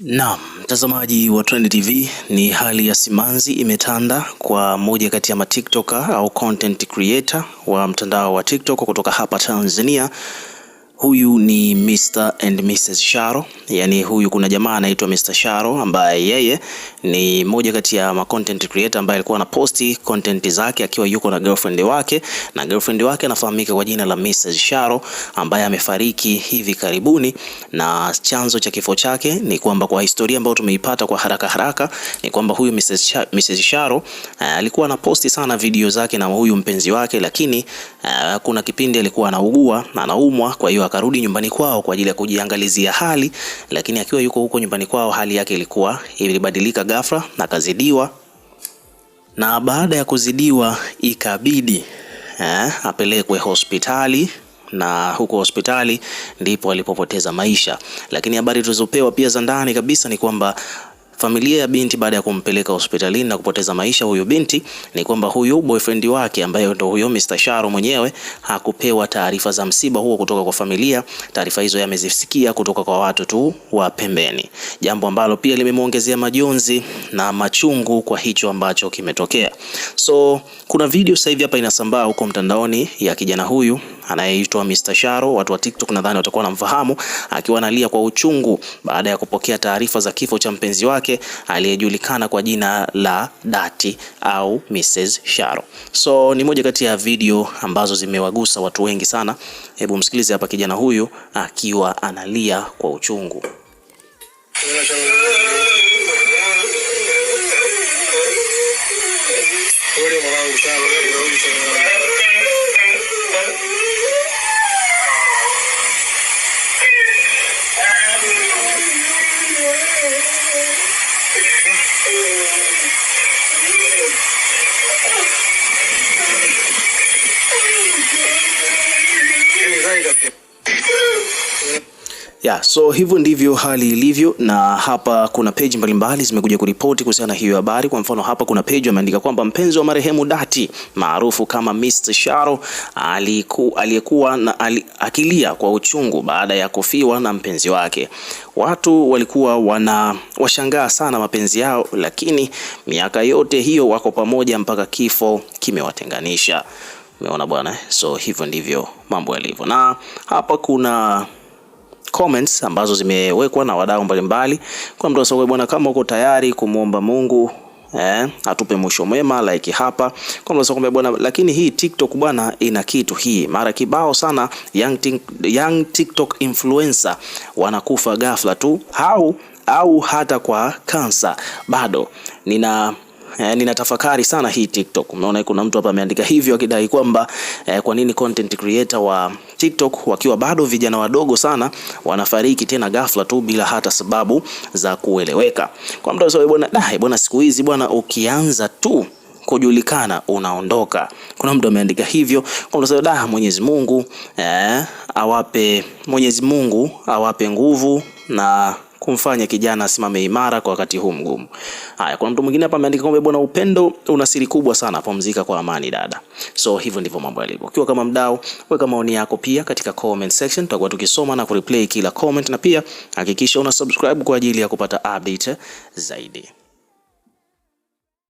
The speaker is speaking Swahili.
Naam, mtazamaji wa Trend TV, ni hali ya simanzi imetanda kwa moja kati ya matiktoka au content creator wa mtandao wa TikTok kutoka hapa Tanzania Huyu ni Mr and Mrs Sharo, yani huyu kuna jamaa anaitwa Mr Sharo ambaye yeye ni moja kati ya ma content creator ambaye alikuwa anaposti content zake akiwa yuko na girlfriend wake, na girlfriend wake anafahamika kwa jina la Mrs Sharo ambaye amefariki hivi karibuni, na chanzo cha kifo chake ni kwamba, kwa historia ambayo tumeipata kwa haraka haraka, ni kwamba huyu Mrs. Mrs Sharo eh, alikuwa anaposti sana video zake na huyu mpenzi wake, lakini eh, kuna kipindi alikuwa anaugua na anaumwa, kwa hiyo akarudi nyumbani kwao kwa ajili ya kujiangalizia hali, lakini akiwa yuko huko nyumbani kwao hali yake ilikuwa ilibadilika ghafla, akazidiwa na baada ya kuzidiwa ikabidi eh, apelekwe hospitali na huko hospitali ndipo alipopoteza maisha. Lakini habari tulizopewa pia za ndani kabisa ni kwamba familia ya binti baada ya kumpeleka hospitalini na kupoteza maisha huyu binti ni kwamba huyu boyfriend wake ambaye ndo huyo Mr. Sharo mwenyewe hakupewa taarifa za msiba huo kutoka kwa familia. Taarifa hizo yamezisikia kutoka kwa watu tu wa pembeni, jambo ambalo pia limemwongezea majonzi na machungu kwa hicho ambacho kimetokea. So kuna video sasa hivi hapa inasambaa huko mtandaoni ya kijana huyu anayeitwa Mr Sharo, watu wa TikTok nadhani watakuwa wanamfahamu, akiwa analia kwa uchungu baada ya kupokea taarifa za kifo cha mpenzi wake aliyejulikana kwa jina la Dati au Mrs Sharo. So ni moja kati ya video ambazo zimewagusa watu wengi sana. Hebu msikilize hapa kijana huyu akiwa analia kwa uchungu Yeah, so hivyo ndivyo hali ilivyo, na hapa kuna page mbalimbali zimekuja kuripoti kuhusiana na hiyo habari. Kwa mfano, hapa kuna page wameandika kwamba mpenzi wa marehemu Dati maarufu kama Mr. Sharo aliyekuwa na ali, akilia kwa uchungu baada ya kufiwa na mpenzi wake. Watu walikuwa wana washangaa sana mapenzi yao, lakini miaka yote hiyo wako pamoja mpaka kifo kimewatenganisha. Umeona bwana, so hivyo ndivyo mambo yalivyo, na hapa kuna comments ambazo zimewekwa na wadau mbalimbali. Kwa mtu asogwe bwana, kama uko tayari kumwomba Mungu Eh, atupe mwisho mwema like hapa kwa bwana, lakini hii TikTok bwana ina kitu hii mara kibao sana. Young, young TikTok influencer wanakufa ghafla tu au, au hata kwa kansa. Bado nina eh, ninatafakari sana hii TikTok. Unaona kuna mtu hapa ameandika hivyo akidai kwamba eh, kwa nini content creator wa TikTok wakiwa bado vijana wadogo sana wanafariki tena ghafla tu bila hata sababu za kueleweka. Kwa mtu asema bwana, dai eh, bwana, siku hizi bwana, ukianza tu kujulikana unaondoka. Kuna mtu ameandika hivyo da, Mwenyezi Mungu eh, awape Mwenyezi Mungu awape nguvu na kumfanya kijana asimame imara kwa wakati huu mgumu. Haya, kuna mtu mwingine hapa ameandika kwamba bwana, upendo una siri kubwa sana, pumzika kwa amani dada. So hivyo ndivyo mambo yalivyo. Ukiwa kama mdau, weka maoni yako pia katika comment section, tutakuwa tukisoma na kureplay kila comment, na pia hakikisha una subscribe kwa ajili ya kupata update zaidi.